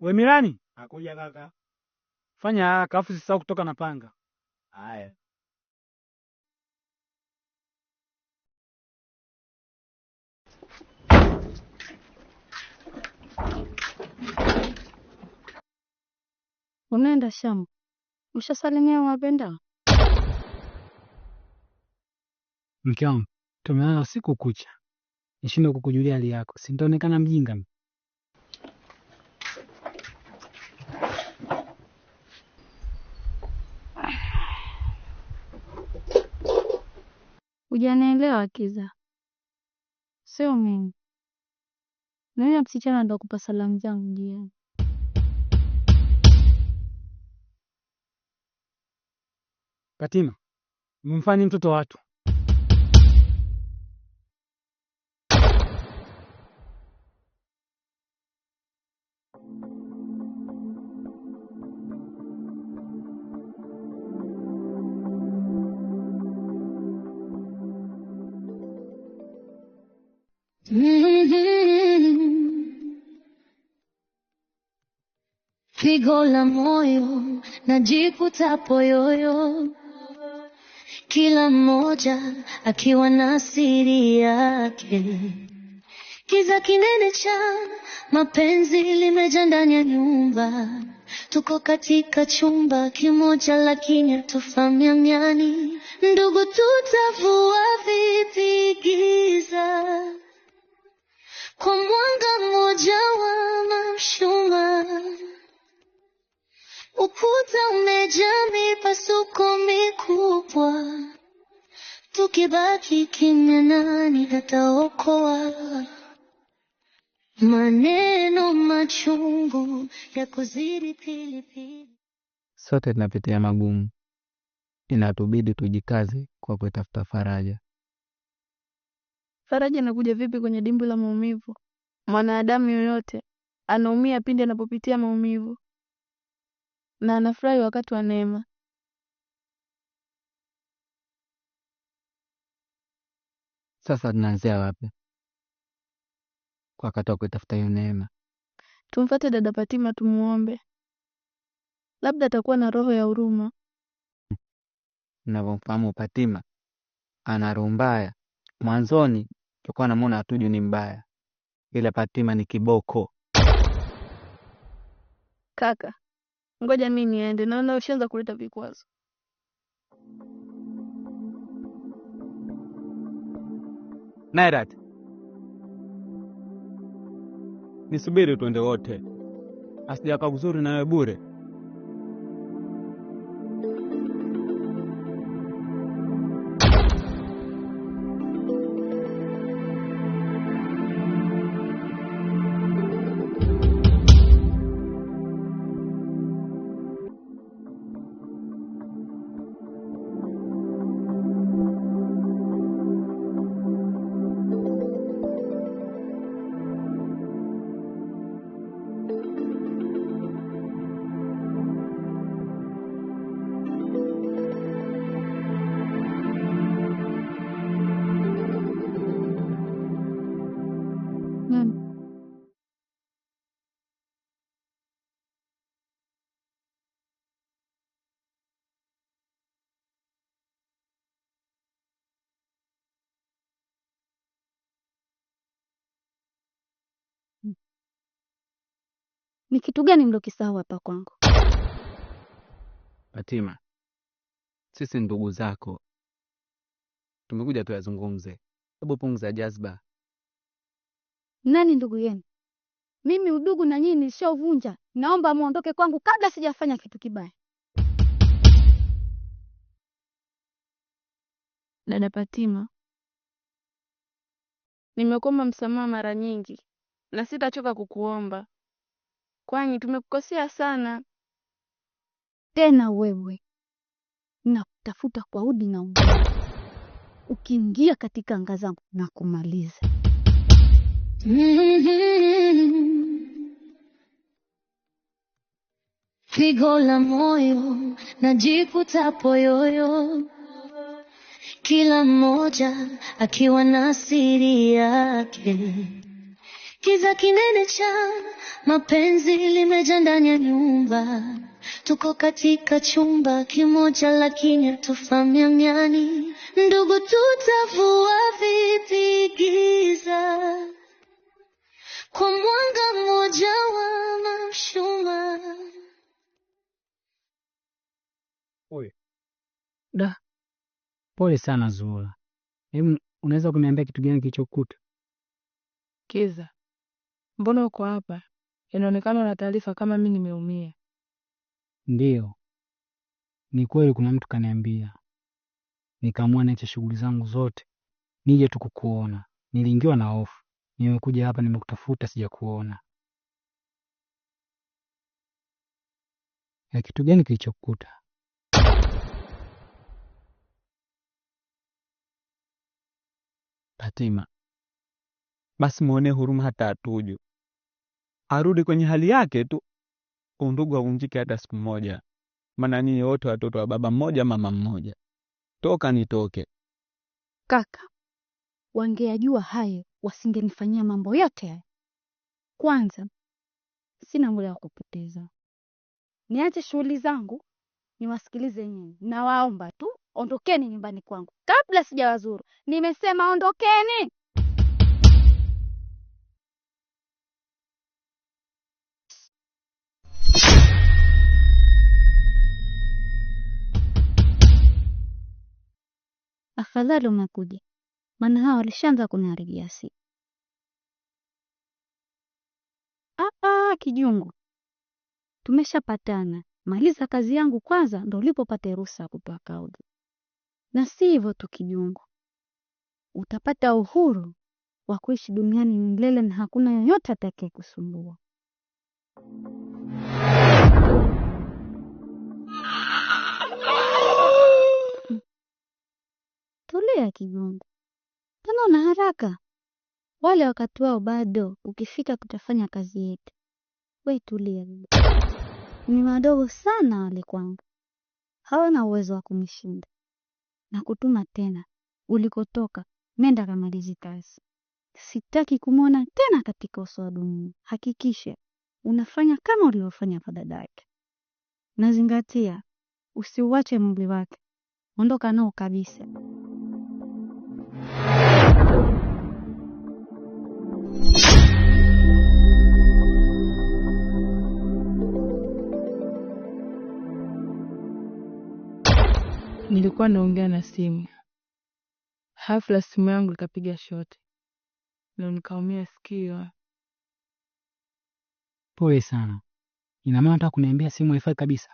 We Mirani, nakuja kaka. Fanya haraka afu kutoka na panga. Haya. Unaenda shamba? Ushasalimia wapenda? Mke wangu, tumeona usiku kucha, nishindwe kukujulia hali yako, si nitaonekana mjinga? Hujanielewa Kiza, sio mimi. Nani msichana ndo kupa salamu zangu jiani? Fatima, mfani mtoto watu pigo la moyo najikuta poyoyo, kila mmoja akiwa na siri yake. Kiza kinene cha mapenzi limeja ndani ya nyumba, tuko katika chumba kimoja, lakini hatufahamiani. Ndugu, tutavua vipi giza kwa mwanga mmoja wa mashuma? Ukuta umejaa mipasuko mikubwa, tukibaki kimya, nani ataokoa? Maneno machungu ya kuzidi pilipili. Sote tunapitia magumu, inatubidi tujikaze kwa kutafuta faraja. Faraja inakuja vipi kwenye dimbwi la maumivu? Mwanadamu yoyote anaumia pindi anapopitia maumivu na anafurahi wakati wa neema Sasa tunaanzia wapi kwa wakati wa kuitafuta hiyo neema? Tumfate dada Fatima, tumuombe, labda atakuwa na roho ya huruma. Navyomfahamu Fatima ana roho mbaya. Mwanzoni tulikuwa namuona atuju ni mbaya, ila Fatima ni kiboko. Kaka, Ngoja mi niende, naona ushaanza kuleta vikwazo. Nairat, nisubiri tuende wote, asijaka vizuri nawe bure. Ni kitu gani mlokisahau hapa kwangu? Fatima, sisi ndugu zako tumekuja tuyazungumze, hebu punguza jazba. Nani ndugu yenu? Mimi udugu na nyinyi nishauvunja. Naomba muondoke kwangu kabla sijafanya kitu kibaya. Dada Fatima, nimekuomba msamaha mara nyingi na sitachoka kukuomba kwani tumekukosea sana. Tena wewe nakutafuta kwa udi na udi, ukiingia katika anga zangu na kumaliza. Pigo la moyo najikuta poyoyo, kila mmoja akiwa na siri yake. Kiza kinene cha mapenzi limeja ndani ya nyumba, tuko katika chumba kimoja lakini hatufahamiani. Ndugu, tutavua vipi giza kwa mwanga mmoja wa mshumaa? Da, pole sana Zuhura. Hebu unaweza kuniambia kitu gani kilichokuta? Kiza mbona uko hapa? Inaonekana una taarifa kama mi nimeumia. Ndiyo, ni kweli, kuna mtu kaniambia, nikaamua niache shughuli zangu zote nije tu kukuona. Niliingiwa na hofu, nimekuja hapa, nimekutafuta, sijakuona. Ya kitu gani kilichokukuta? Fatima, basi muone huruma hata atuju arudi kwenye hali yake tu, undugu aunjike hata siku moja, maana nyinyi wote watoto wa baba mmoja mama mmoja. Toka nitoke. Kaka, wangeyajua hayo wasingenifanyia mambo yote haya. Kwanza sina muda wa kupoteza, niache shughuli zangu niwasikilize nyinyi. Nawaomba tu ondokeni nyumbani kwangu kabla sijawazuru. Nimesema ondokeni. Afadhali umekuja maana hao walishaanza kuniharibia siku. Aa, kijungu, tumeshapatana. Maliza kazi yangu kwanza, ndo ulipopata ruhusa ya kutoa kauli. Na si hivyo tu, kijungu, utapata uhuru wa kuishi duniani milele na hakuna yoyote atakaye kusumbua. Tulia Kigomba, mbona una haraka? Wale wakati wao bado, ukifika tutafanya kazi yetu. We tulia, ni madogo sana wale kwangu, hawana uwezo wa kunishinda. Na kutuma tena ulikotoka, nenda kamalizi kazi. Sitaki kumwona tena katika uso wa dunia. Hakikisha unafanya kama ulivyofanya kwa dada yake. Nazingatia, usiuache mwili wake, ondoka nao kabisa. Nilikuwa naongea na simu, hafla simu yangu ikapiga shoti, na nikaumia sikio. Pole sana. Ina maana nataka kuniambia simu haifai kabisa?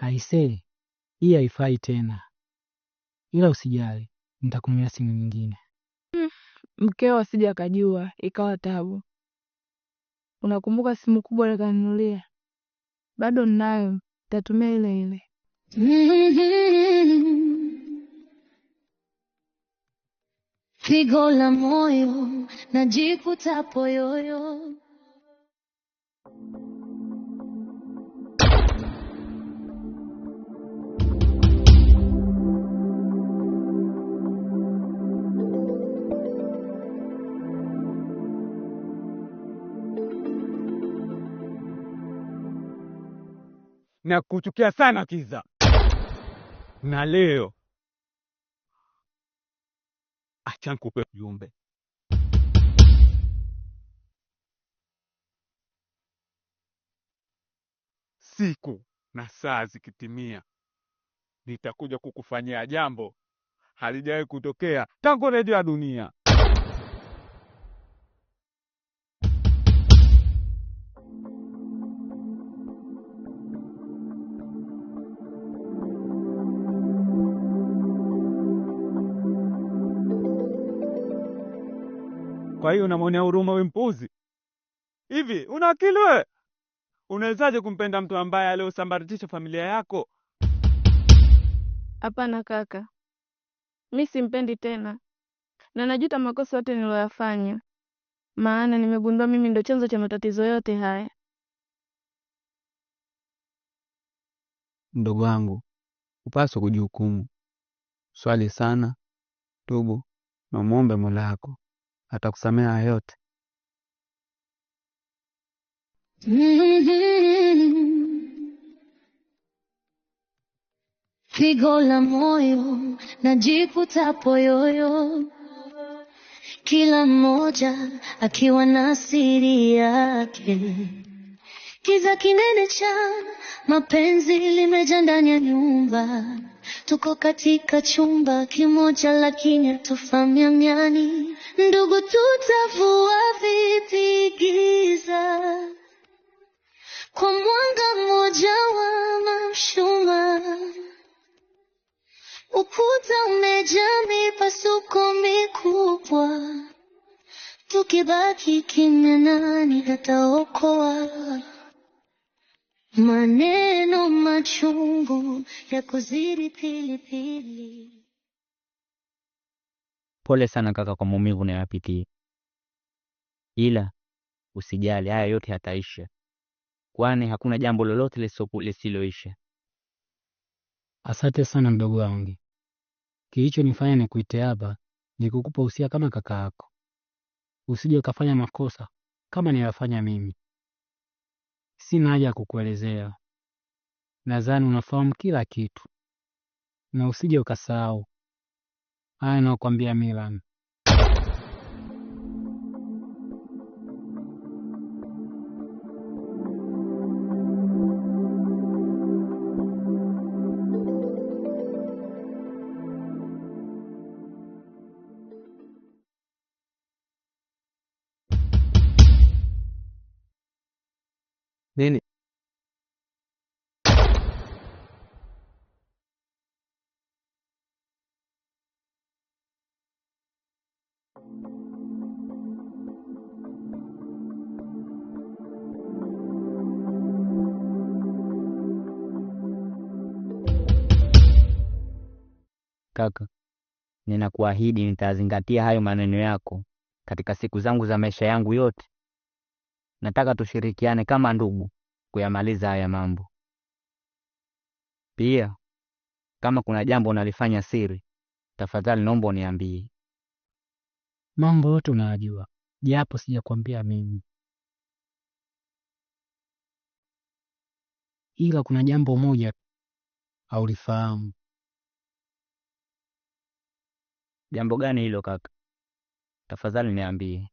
Aisee, hii haifai tena, ila usijali, nitakununua simu nyingine mkeo asije akajua, ikawa tabu. Unakumbuka simu kubwa alikanunulia? Bado ninayo, nitatumia ile ile. Pigo la moyo najikuta poyoyo na kuchukia sana Kiza, na leo acha nikupe ujumbe. Siku na saa zikitimia, nitakuja kukufanyia jambo halijawahi kutokea tangu redio ya dunia. Kwa hiyo unamwonea huruma we mpuzi? Hivi una akili we? Unawezaje kumpenda mtu ambaye aliosambaratisha familia yako? Hapana kaka, mi simpendi tena, na najuta makosa yote niliyoyafanya, maana nimegundua mimi ndo chanzo cha matatizo yote haya. Mdogo wangu, upaswa kujihukumu. Swali sana, tubu na muombe Mola wako atakusamea yote. Pigo la moyo najikuta poyoyo, kila mmoja akiwa na siri yake. Kiza kinene cha mapenzi limeja ndani ya nyumba, tuko katika chumba kimoja lakini hatufahamiani. Ndugu, tutavua vipi giza kwa mwanga mmoja wa mshumaa? Ukuta umeja mipasuko mikubwa, tukibaki kimya, nani hataokoa? Maneno machungu ya kuzidi pilipili. Pole sana kaka kwa maumivu unayopitia, ila usijali, haya yote yataisha, kwani hakuna jambo lolote lisiloisha. Asante sana mdogo wangu, nifanya nikuite hapa ni kukupa usia kama kaka yako, usije ukafanya makosa kama niyafanya mimi. Sina haja ya kukuelezea, nadhani unafahamu kila kitu, na usije ukasahau haya naokwambia Milan. Kaka, ninakuahidi nitazingatia hayo maneno yako katika siku zangu za maisha yangu yote. Nataka tushirikiane kama ndugu kuyamaliza haya mambo. Pia kama kuna jambo unalifanya siri, tafadhali naomba uniambie. Mambo yote unayajua, japo sijakwambia mimi, ila kuna jambo moja haulifahamu. Jambo gani hilo kaka? Tafadhali niambie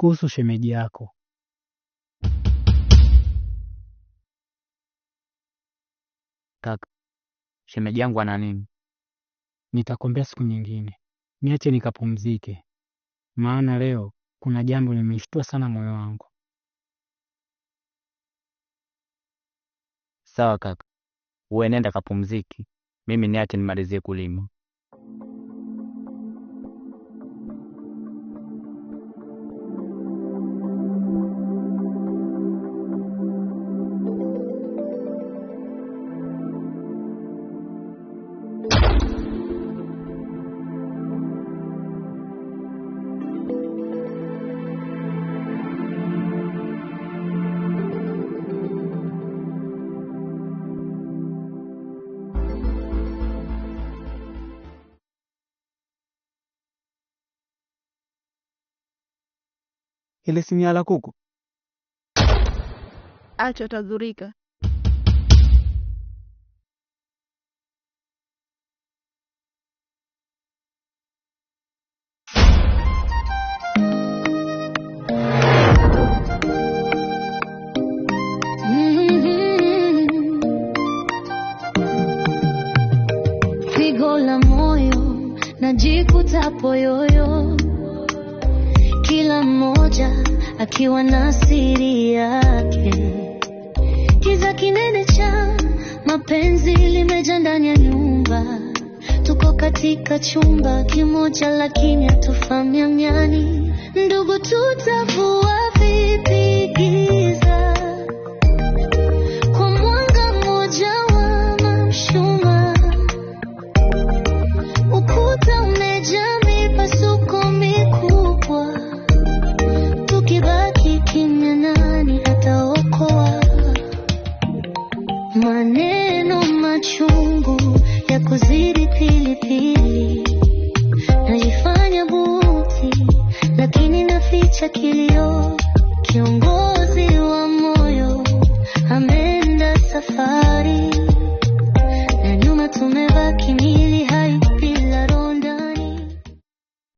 kuhusu shemeji yako. Kaka, shemeji yangu ana nini? Nitakwambia siku nyingine, niache nikapumzike, maana leo kuna jambo limeshtua sana moyo wangu. Sawa kaka, uwe nenda kapumziki, mimi niache nimalizie kulima. ile sinia kuku? Acha utadhurika. Pigo moyo najikuta poyoyo kila moyo akiwa na siri yake. Kiza kinene cha mapenzi limeja ndani ya nyumba. Tuko katika chumba kimoja, lakini hatufahamiani. Ndugu, tutavua vipi?